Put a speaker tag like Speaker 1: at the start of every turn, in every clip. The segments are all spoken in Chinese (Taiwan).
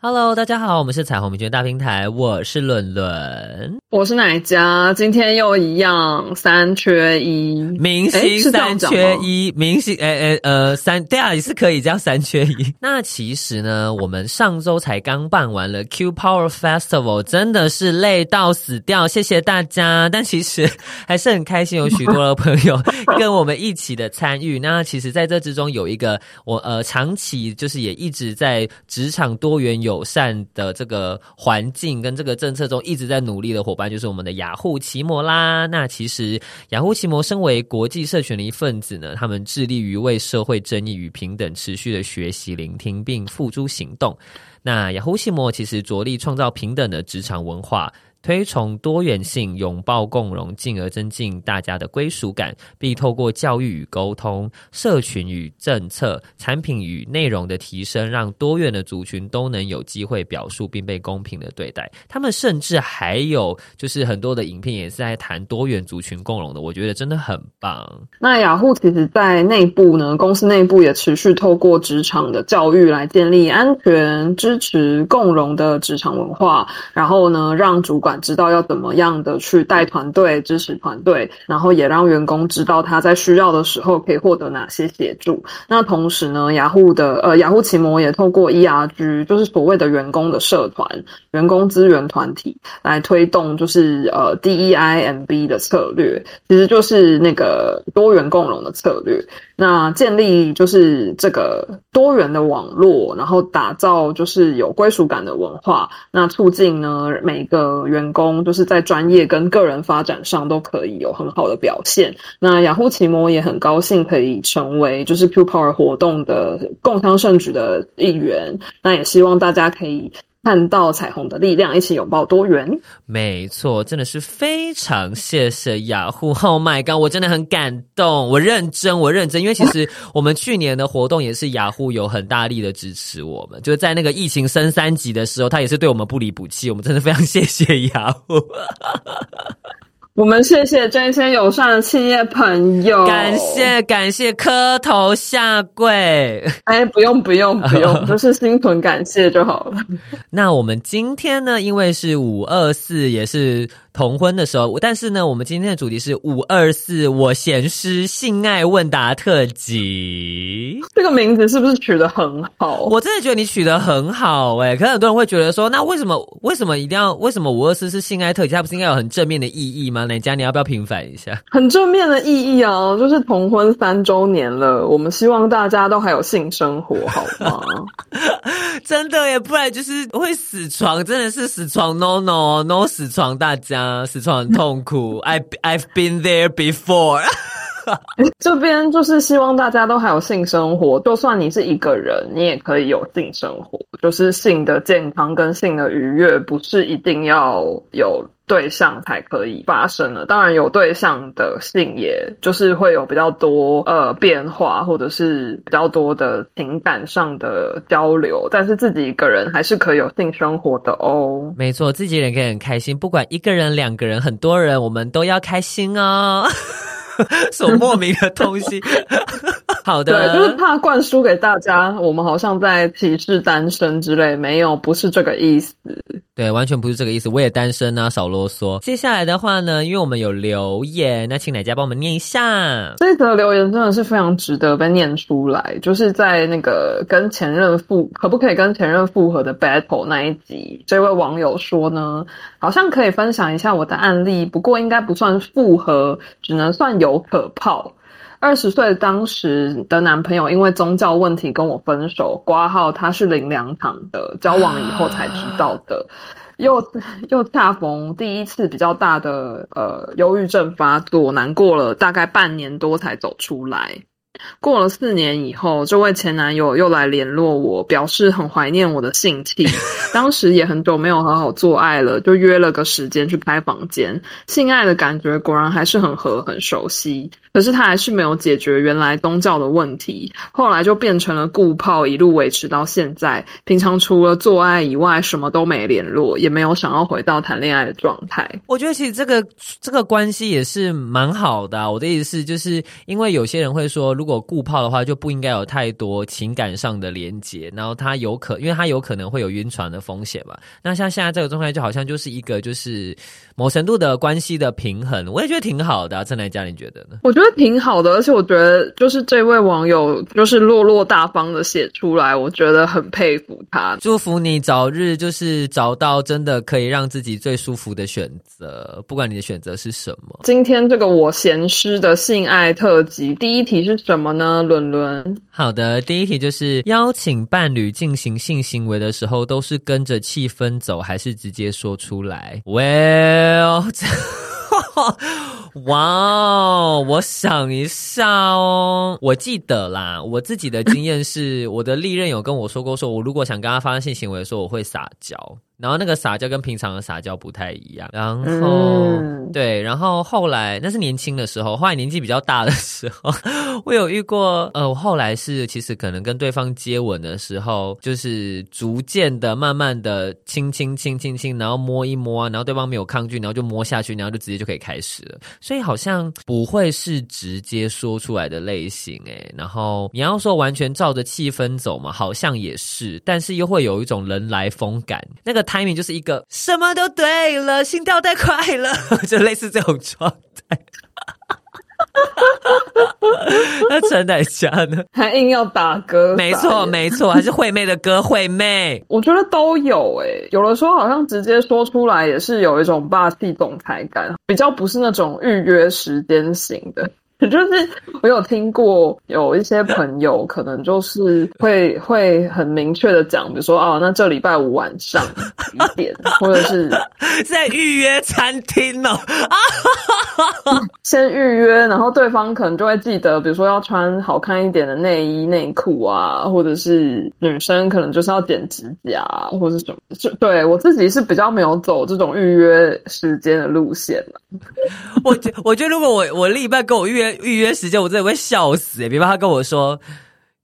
Speaker 1: 哈嘍，大家好，我們是彩虹平權大平台，我是倫倫，我是奶家，
Speaker 2: 今天又一樣三缺一，明星三缺
Speaker 1: 一，明星哎哎呃三對啊，也是可以叫三缺一。 那其實呢，我們上周才剛辦完了 Q Power Festival，真的是累到死掉，謝謝大家。但其實還是很開心，有許多的朋友跟我們一起的參與。 那其實，在這之中有一個我呃，長期就是也一直在職場多元友善的這個環境跟這個政策中一直在努力的夥伴，就是我們的雅虎奇摩啦。那其實雅虎奇摩身為國際社群的一份子呢，他們致力於為社會正義與平等持續的學習、聆聽並付諸行動。那雅虎奇摩其實着力創造平等的職場文化。推崇多元性，擁抱共融，進而增進大家的歸屬感，並透過教育與溝通、社群與政策、產品與內容的提升，讓多元的族群都能有機會表述並被公平的對待。他們甚至還有就是很多的影片也是在談多元族群共融的，我覺得真的很棒。
Speaker 2: 那雅虎其實在內部呢，公司內部也持續透過職場的教育來建立安全、支持、共融的職場文化，然後呢，讓主管。知道要怎麼樣的去帶團隊、支持團隊，然後也讓員工知道他在需要的時候可以獲得哪些協助。那同時呢，雅虎的呃，雅虎奇摩也透過 E.R.G. 就是所謂的員工的社團、員工資源團體來推動，就是呃 D.E.I.M.B. 的策略，其實就是那個多元共融的策略。那建立就是這個多元的網絡，然後打造就是有歸屬感的文化，那促進呢每個員員工就是在專業跟個人發展上都可以有很好的表現。那雅虎奇摩也很高興可以成為就是 Q POWER 活動的共襄盛舉的一員。那也希望大家可以，看到彩虹的力量，一起擁抱多元。
Speaker 1: 沒錯，真的是非常謝謝雅虎。Oh my god，我真的很感動。我認真，我認真，因為其實我們去年的活動也是雅虎有很大力的支持我們，就是在那個疫情升三級的時候，他也是對我們不離不棄。我們真的非常謝謝雅虎。
Speaker 2: 我們謝謝真心友善的企業朋友，感謝感謝，磕頭下跪。哎，不用
Speaker 1: 不用不用，不用、oh. 就
Speaker 2: 是心存感謝就好了。
Speaker 1: 那我們今天呢，因為是五二四，也是，同婚的時候，但是呢，我們今天的主題是五二四我鹹濕性愛問答特輯。這個名字是不是取得很好？我真的覺得你取得很好，哎、欸。可能很多人會覺得說，那為什麼為什麼一定要為什麼五二四是性愛特輯？它不是應該有很正面的意義嗎？哪佳家你要不要平反一下？
Speaker 2: 很正面的意義啊，就是同婚三週年了，我們希望大家都還有性生活好
Speaker 1: 嗎？ 真的耶，不然就是會死床，真的是死床 no,，no no no 死床，大家。啊，四川很痛苦。 I I've, I've been there before
Speaker 2: 這邊就是希望大家都還有性生活，就算你是一個人，你也可以有性生活。就是性的健康跟性的愉悅，不是一定要有對象才可以發生了，當然有對象的性，也就是會有比較多呃變化，或者是比較多的情感上的交流。但是自己一個人還是可以
Speaker 1: 有性生活的哦。沒錯，自己一個人可以很開心，不管一個人、兩個人、很多人，我們都要開心啊、哦！ 所莫名的東西。 好的，對，就是
Speaker 2: 怕灌輸給大家，我們好像在歧視單身之類，沒有，不是這個意思。
Speaker 1: 對，完全不是這個意思。我也單身呢、啊，少囉嗦。接下來的話呢，因為我們有留言，那請哪家幫我們唸一下？
Speaker 2: 這一則留言真的是非常值得被唸出來，就是在那個跟前任復，可不可以跟前任復合的 battle 那一集，這位網友說呢，好像可以分享一下我的案例，不過應該不算復合，只能算有可炮。二十歲，當時的男朋友因為宗教問題跟我分手，括號他是零兩場靈糧堂的，交往了以後才知道的，又又恰逢，第一次比較大的呃憂鬱症發作，難過了大概半年多才走出來。過了四年以後，這位前男友又來聯絡我，表示很懷念我的性趣。當時也很久沒有好好做愛了，就約了個時間去開房間。性愛的感覺果然還是很合很熟悉，可是他還是沒有解決原來宗教的問題。後來就變成了固炮，一路維持到現在。平常除了做愛以外，什麼都沒聯絡，也沒有想要回到談戀愛的狀態。
Speaker 1: 我覺得其實這個這個關係也是蠻好的啊。我的意思就是，就是因為有些人會說，如果固砲的話，就不應該有太多情感上的連接。然後他有可，因為他有可能會有暈船的風險吧。那像現在這個狀態，就好像就是一個就是某程度的關係的平衡。我也覺得挺好的，啊，鄭來佳，你覺得
Speaker 2: 呢？我覺得挺好的，而且我覺得就是這位網友就是落落大方的寫出來，我覺得很佩服
Speaker 1: 他。祝福你早日就是找到真的可以讓自己最舒服的選擇，不管你的選擇是什麼。
Speaker 2: 今天這個我鹹濕的性愛特輯，第一題是。什麼呢？論論。
Speaker 1: 好的，第一題就是邀請伴侶進行性行為的時候，都是跟着氣氛走，還是直接說出來？Well，哇哦，我想一下哦，我記得啦，我自己的經驗是，我的歷任有跟我說過說，說我如果想跟他發生性行為的時候，我會撒嬌。然後那個撒嬌跟平常的撒嬌不太一樣，然後對，然後後來那是年輕的時候，後來年紀比較大的時候，我有遇過，呃，我後來是其實可能跟對方接吻的時候，就是逐漸的、慢慢的輕輕輕輕輕，然後摸一摸，然後對方沒有抗拒，然後就摸下去，然後就直接就可以開始了，所以好像不會是直接說出來的類型哎、欸，然後你要說完全照着氣氛走嘛，好像也是，但是又會有一種人來瘋感那個。timing 就是一個什麼都對了，心跳太快了，就類似這種狀態。那真的假的？還硬要打歌？沒錯， 沒錯，還是惠妹的歌。惠妹，
Speaker 2: 我覺得都有誒、欸。有的時候好像直接說出來也是有一種霸氣總裁感，比較不是那種預約時間型的。就是我有聽過有一些朋友可能就是會會很明確的講，比如說啊，那這禮拜五晚上幾點，或者是
Speaker 1: 在預約餐廳呢？
Speaker 2: 啊，哈哈先預約，然後對方可能就會記得，比如說要穿好看一點的內衣內褲啊，或者是女生可能就是要剪指甲、啊、或者是什麼。就對，我自己是比較沒有走這種預約時間的路線了、
Speaker 1: 啊。我我覺得如果我我另一半跟我預約。預約時間我真的會笑死，欸！哎，比方他跟我說，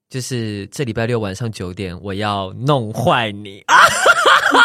Speaker 1: 就是這禮拜六晚上九點，我要弄壞你啊！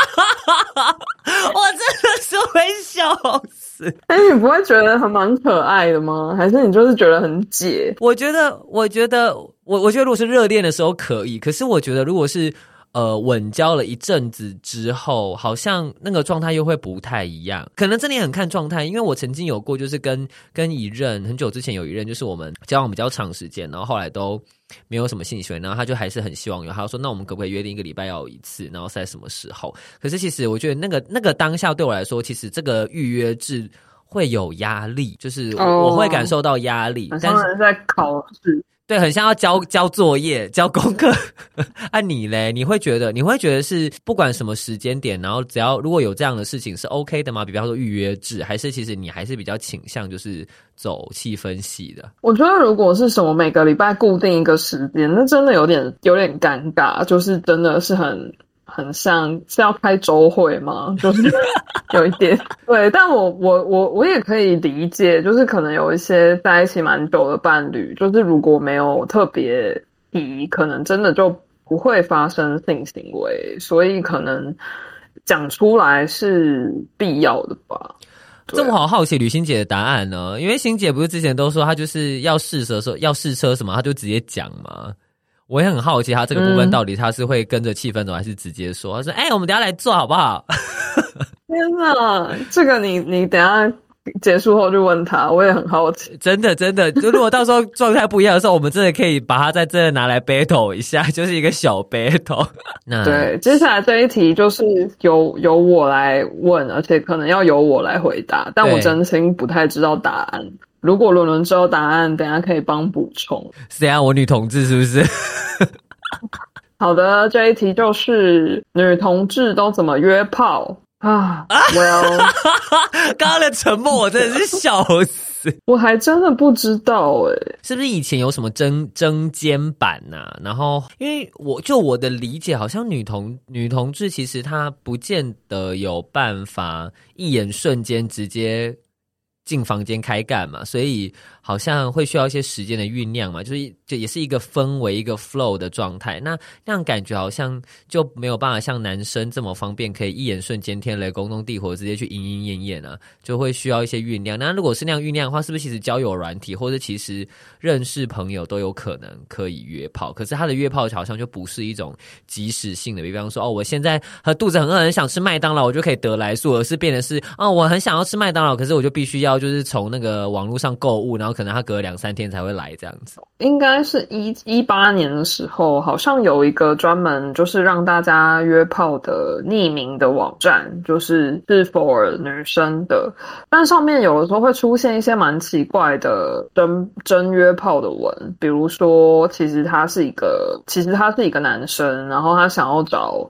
Speaker 1: 我真的是會笑死。哎，欸，你不會
Speaker 2: 覺得還蠻可愛的嗎？還是你就是覺得很解？
Speaker 1: 我覺得，我覺得，我我覺得，如果是熱戀的時候可以，可是我覺得如果是。呃，穩交了一陣子之後，好像那個狀態又會不太一樣。可能這裡很看狀態，因為我曾經有過，就是跟跟一任很久之前有一任，就是我們交往比較長時間，然後後來都沒有什麼興趣，然後他就還是很希望有，他說：“那我們可不可以約定一個禮拜要有一次？然後在什麼時候？”可是其實我覺得那個那個當下對我來說，其實這個預約制會有壓力，就是我、哦、我會感受到壓力。很像是
Speaker 2: 在考試。
Speaker 1: 對，很像要交交作業、交功課。那、 啊、你嘞，你會覺得，你會覺得是不管什麼時間點，然後只要如果有這樣的事情是 OK 的嗎？比方說預約制，還是其實你還是比較傾向就是走氣氛系的？
Speaker 2: 我覺得如果是什麼每個禮拜固定一個時間，那真的有點有點尷尬，就是真的是很。很像是要開週會嗎？就是 有一點對，但我我我我也可以理解，就是可能有一些在一起蠻久的伴侶，就是如果沒有特別提，可能真的就不會發生性行為，所以可能講出來是必要的吧。
Speaker 1: 這麼好好奇，呂欣潔的答案呢、啊？因為欣姐不是之前都說她就是要試車，說要試車什麼，她就直接講嘛。我也很好奇他這個部分到底他是會跟着氣氛走，還是直接說？嗯、他說：“哎、欸，我們等一下來做好不好？”
Speaker 2: 天哪，這個你你等一下。結束後就問他，我也很好奇。
Speaker 1: 真的真的，就如果到時候狀態不一樣的時候， 我們真的可以把他在這拿來 battle 一下，就是一個小 battle。對，接
Speaker 2: 下來這一題就是由由我來問，而且可能要由我來回答，但我真心不太知道答案。如果輪輪知道答案，等一下可以幫補充。
Speaker 1: 是這樣，我女同志是不是？
Speaker 2: 好的，這一題就是女同志都怎麼約炮啊啊，
Speaker 1: 哈哈哈 Well，剛剛的沉默，我真的是笑死， 我還真的不知道誒、欸，是不是以前有什麼真真肩板吶、啊？然後，因為我就我的理解，好像女同女同志其實她不見得有辦法一眼瞬間直接。進房間開幹嘛？所以好像會需要一些時間的醞釀嘛，就是就也是一個氛圍，一個 flow 的狀態。那那樣感覺好像就沒有辦法像男生這麼方便，可以一眼瞬間天雷勾動地火直接去鶯鶯燕燕啊，就會需要一些醞釀。那如果是那樣醞釀的話，是不是其實交友軟體或者其實認識朋友都有可能可以約炮？可是他的約炮好像就不是一種即時性的，比方說哦，我現在和肚子很餓，很想吃麥當勞，我就可以得來速，而是變得是哦，我很想要吃麥當勞，可是我就必須要。就是從那個網絡上購物，然後可能他隔兩三天才會來這樣子。
Speaker 2: 應該是一一八年的時候，好像有一個專門就是讓大家約炮的匿名的網站，就是是 for 女生的，但上面有的時候會出現一些蠻奇怪的真真約炮的文，比如說其實他是一個，其實他是一個男生，然後他想要找。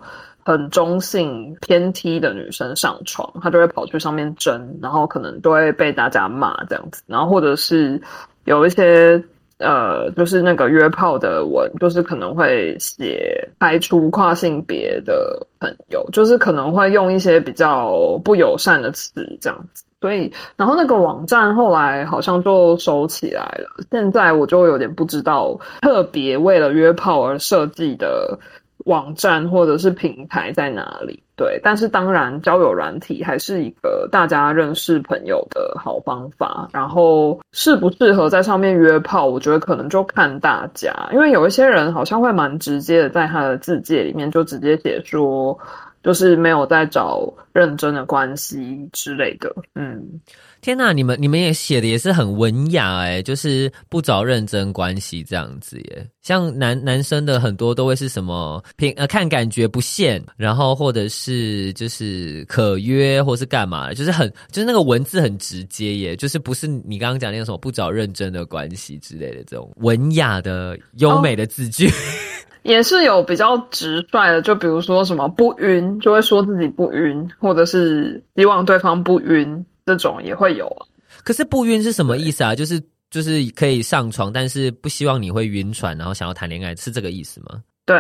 Speaker 2: 很中性偏 T 的女生上床，她就會跑去上面徵，然後可能就會被大家罵這樣子。然後或者是有一些呃，就是那個約炮的文，就是可能會寫排除跨性別的朋友，就是可能會用一些比較不友善的詞這樣子。所以，然後那個網站後來好像就收起來了。現在我就有點不知道，特別為了約炮而設計的，網站或者是平台在哪裡？對，但是當然，交友軟體還是一個大家認識朋友的好方法。然後適不適合在上面約炮，我覺得可能就看大家，因為有一些人好像會蠻直接的，在他的自介裡面就直接寫說，就是沒有在找認真的關係之類的。嗯。
Speaker 1: 天吶、啊，你們你們也寫的也是很文雅誒，就是不找認真關係這樣子耶。像男男生的很多都會是什麼平呃看感覺不限，然後或者是就是可約或是幹嘛，就是很就是那個文字很直接耶，就是不是你剛剛講那個什麼不找認真的關係之類的這種文雅的優美的字句、哦，
Speaker 2: 也是有比較直率的，就比如說什麼不暈就會說自己不暈，或者是希望對方不暈。這種也會有
Speaker 1: 啊，可是不暈是什麼意思啊？就是就是可以上床，但是不希望你會暈船，然後想要談戀愛是這個意思嗎？對，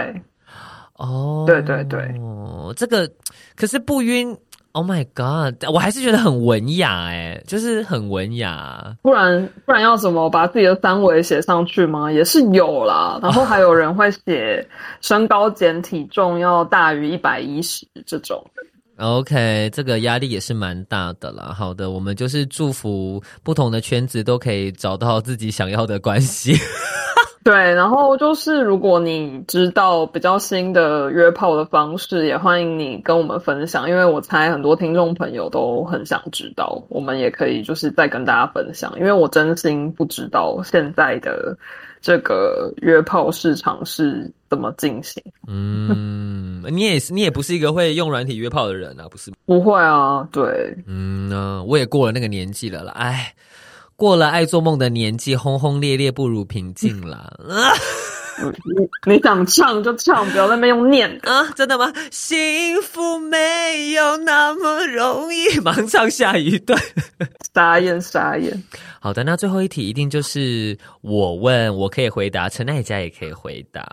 Speaker 1: 哦、oh，對對對，哦，這個可是不暈，Oh my god！我還是覺得很文雅哎、欸，就是很文雅，
Speaker 2: 不然不然要怎麼把自己的三圍寫上去嗎？也是有啦。然後還有人會寫身高減體重要大於一百一十這種。
Speaker 1: OK，這個壓力也是蠻大的啦。好的，我們就是祝福不同的圈子都可以找到自己想要的關係。
Speaker 2: 對，然後就是如果你知道比較新的約炮的方式，也歡迎你跟我們分享，因為我猜很多聽眾朋友都很想知道，我們也可以就是再跟大家分享，因為我真心不知道現在的。這個約炮
Speaker 1: 市場是怎麼進行？嗯，你也是，你也不是一個會用軟體約炮的人啊，不是？不會啊，對。嗯呢、呃，我也過了那個年紀了啦。哎，過了愛做夢的年紀，轟轟烈烈不如平靜了。嗯啊
Speaker 2: 你你想唱就唱，不要在那邊用念啊、嗯！真的嗎？幸福
Speaker 1: 沒有那麼容易。忙唱下一段，傻眼傻眼。好的，那最後一題一定就是我問，我可以回答，陳耐家也可以回答。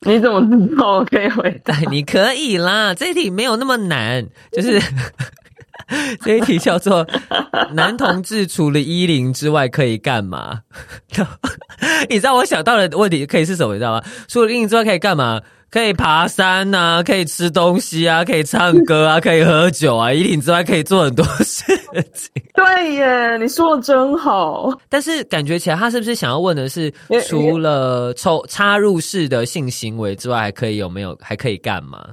Speaker 1: 你怎麼知道我可以回答？你可以啦，這一題沒有那麼難，就是。 這一題叫做“男同志除了一零之外可以幹嘛？” 你知道我想到的問題可以是什麼？你知道嗎？除了一零之外可以幹嘛？可以爬山啊，可以吃東西啊，可以唱歌啊，可以喝酒啊，一零之外可以做很多事情。 對耶，你說的真好。但是感覺起來，他是不是想要問的是，除了抽插入式的性行為之外，還可以有沒有還可以幹嘛？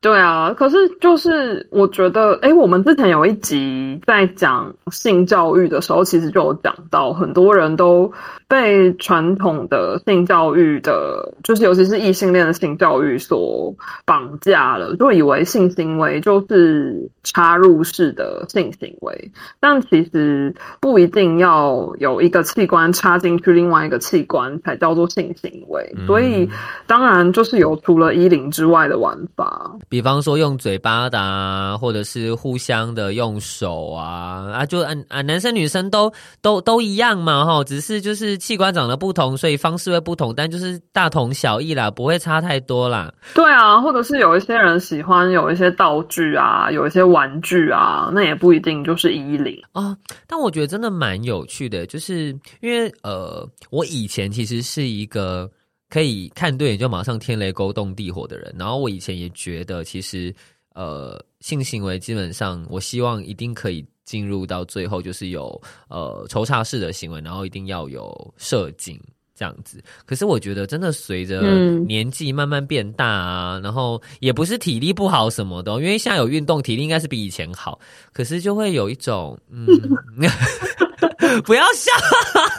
Speaker 2: 對啊，可是就是我覺得，哎、欸，我們之前有一集在講性教育的時候，其實就有講到很多人都，被傳統的性教育的，就是尤其是異性戀的性教育所綁架了，就以為性行為就是插入式的性行為，但其實不一定要有一個器官插進去另外一個器官才叫做性行為。嗯、所以當然就是有除了衣領之外的玩法，
Speaker 1: 比方說用嘴巴的、啊，或者是互相的用手啊啊就，就啊，男生女生都都都一樣嘛，哈，只是就是。器官長得不同，所以方式會不同，但就是大同小異啦，不會差太多啦。
Speaker 2: 對啊，或者是有一些人喜歡有一些道具啊，有一些玩具啊，那也不一定就是一零啊、哦。
Speaker 1: 但我覺得真的蠻有趣的，就是因為呃，我以前其實是一個可以看對眼就馬上天雷勾動地火的人，然後我以前也覺得其實呃性行為基本上我希望一定可以。進入到最後就是有呃抽插式的行為，然後一定要有射精這樣子。可是我覺得真的隨着年紀慢慢變大啊、嗯，然後也不是體力不好什麼的，因為現在有運動，體力應該是比以前好。可是就會有一種嗯， 不要笑，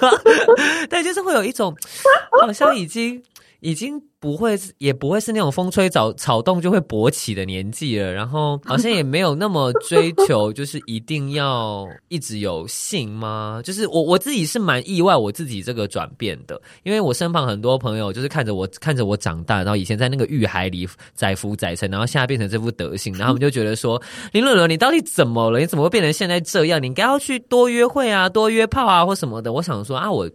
Speaker 1: 但就是會有一種好像已經。已經不會，也不會是那種風吹草草動就會勃起的年紀了。然後好像也沒有那麼追求， 就是一定要一直有性嗎？就是我我自己是蠻意外我自己這個轉變的，因為我身旁很多朋友就是看着我看着我長大，然後以前在那個欲海裡載浮載沉，然後現在變成這副德行，然後我們就覺得說：“ 林樂樂，你到底怎麼了？你怎麼會變成現在這樣？你應該要去多約會啊，多約炮啊，或什麼的。”我想說啊，我。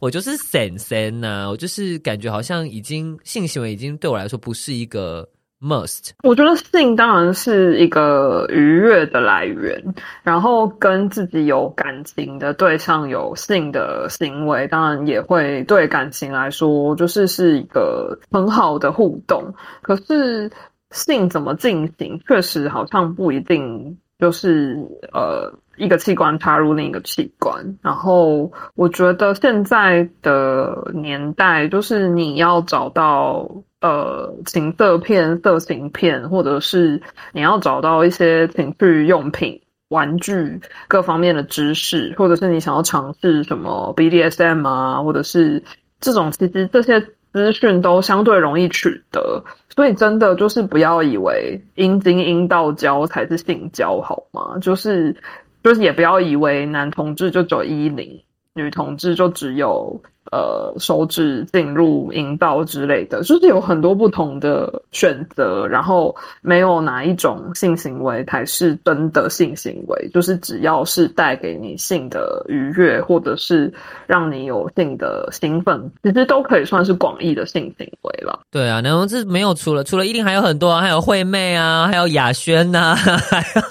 Speaker 1: 我就是散散啊，我就是感覺好像已經性行為已經對我來說不是一個 must。
Speaker 2: 我覺得性當然是一個愉悅的來源，然後跟自己有感情的對象有性的行為，當然也會對感情來說就是是一個很好的互動。可是性怎麼進行，確實好像不一定就是呃。一個器官插入另一個器官，然後我覺得現在的年代，就是你要找到呃情色片、色情片，或者是你要找到一些情趣用品、玩具各方面的知識，或者是你想要嘗試什麼 BDSM 啊，或者是這種，其實這些資訊都相對容易取得，所以真的就是不要以為陰莖陰道交才是性交，好嗎？就是。就是也不要以為男同志就只有一零，女同志就只有呃手指進入陰道之類的，就是有很多不同的選擇。然後沒有哪一種性行為才是真的性行為，就是只要是帶給你性的愉悅，或者是讓你有性的興奮，其實都可以算是廣義的性
Speaker 1: 行為了。對啊，男同志沒有除了除了依林還有很多、啊，還有惠妹啊，還有亞軒吶。還有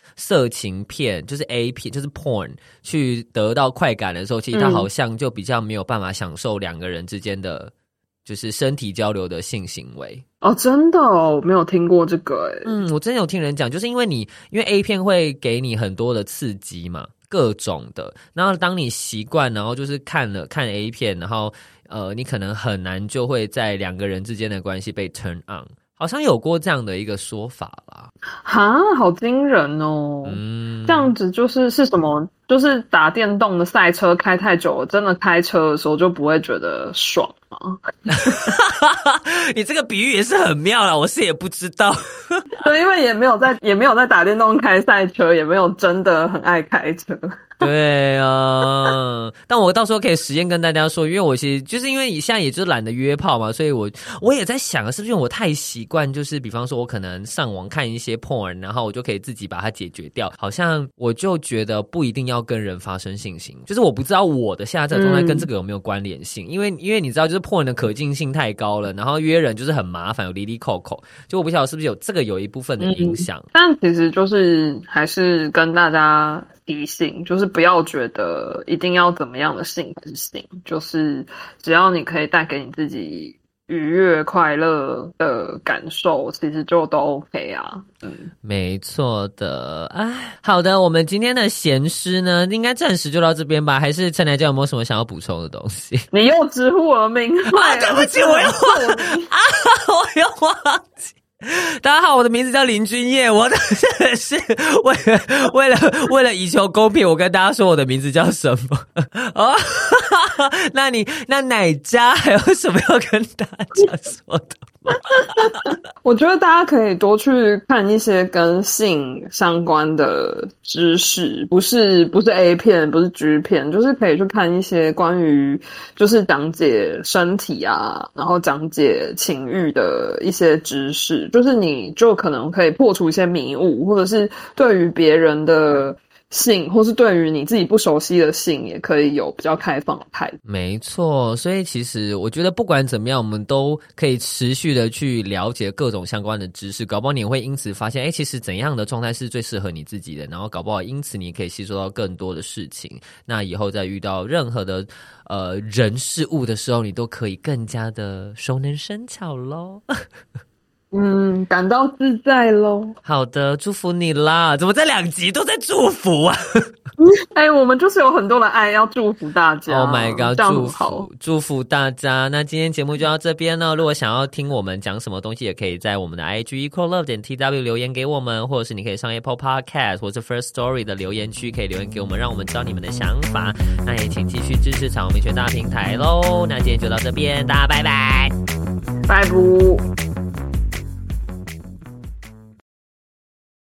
Speaker 1: 色情片就是 A 片，就是 Porn，去得到快感的時候，其實他好像就比較沒有辦法享受兩個人之間的就是身體交流的性行為。哦，真的哦，沒有聽過這個誒。嗯，我真的有聽人講，就是因為你因為 A 片會給你很多的刺激嘛，各種的，然後當你習慣，然後就是看了看 A 片，然後呃，你可能很難就會在兩個人之間的關係被 turn on。好像有過這樣的一個說法啦，
Speaker 2: 哈，好驚人哦！嗯，這樣子就是是什麼？就是打電動的賽車開太久，我真的開車的時候就不
Speaker 1: 會覺得爽嗎？ 你這個比喻也是很妙啦，我是也不知道，
Speaker 2: 對，因為也沒有在也沒有在打電動開賽車，也沒有真的很愛開車。
Speaker 1: 對啊，但我到時候可以實驗跟大家說，因為我其實就是因為現在也就懶得約炮嘛，所以我我也在想啊，是不是因為我太習慣，就是比方說我可能上網看一些 porn，然後我就可以自己把它解決掉，好像我就覺得不一定要跟人發生性行為，就是我不知道我的現在的狀態跟這個有沒有關聯性，嗯、因為因為你知道，就是 porn 的可近性太高了，然後約人就是很麻煩，有離離扣扣，就我不知道是不是有這個有一部分的影響、嗯，
Speaker 2: 但其實就是還是跟大家。提醒就是不要覺得一定要怎麼樣的性之性，就是只要你可以帶給你自己愉悅快樂的感受，其實就都 OK 啊。嗯，
Speaker 1: 沒錯的。哎，好的，我們今天的鹹濕呢，應該暫時就到這邊吧？還是陳來杰有沒有什麼想要補充的東西？你又直呼我
Speaker 2: 名、 啊，對不起，我又
Speaker 1: 忘記啊，我又忘記。 大家好，我的名字叫林君葉，我真的是為了為了為了以求公平，我跟大家說我的名字叫什麼哦。那你那哪家還有什麼要跟大家說的嗎？我覺得
Speaker 2: 大家可以多去看一些跟性相關的知識，不是不是 A 片，不是 G 片，就是可以去看一些關於就是講解身體啊，然後講解情欲的一些知識，就是你就可能可以破除一些迷霧，或者是對於別人的。性，或是對於你自己不熟悉的性，也可以有比較開放的態度。
Speaker 1: 沒錯，所以其實我覺得不管怎麼樣，我們都可以持續的去了解各種相關的知識，搞不好你也會因此發現，哎、欸，其實怎樣的狀態是最適合你自己的，然後搞不好因此你可以吸收到更多的事情。那以後再遇到任何的，呃，人事物的時候，你都可以更加的熟能生巧嘍。 嗯，感到自在嘍。好的，祝福你啦！怎麼在兩集都在祝福啊？
Speaker 2: 哎，我們就是有很多的愛要祝福大家。Oh my god，祝福
Speaker 1: 祝福大家。那今天節目就到這邊了。如果想要聽我們講什麼東西，也可以在我們的 IG equal love 點 tw 留言給我們，或者是你可以上 Apple Podcast 或者是 First Story 的留言區可以留言給我們，讓我們知道你們的想法。那也請繼續支持長們美學大平台嘍。那今天就到這邊，大家拜拜，拜拜。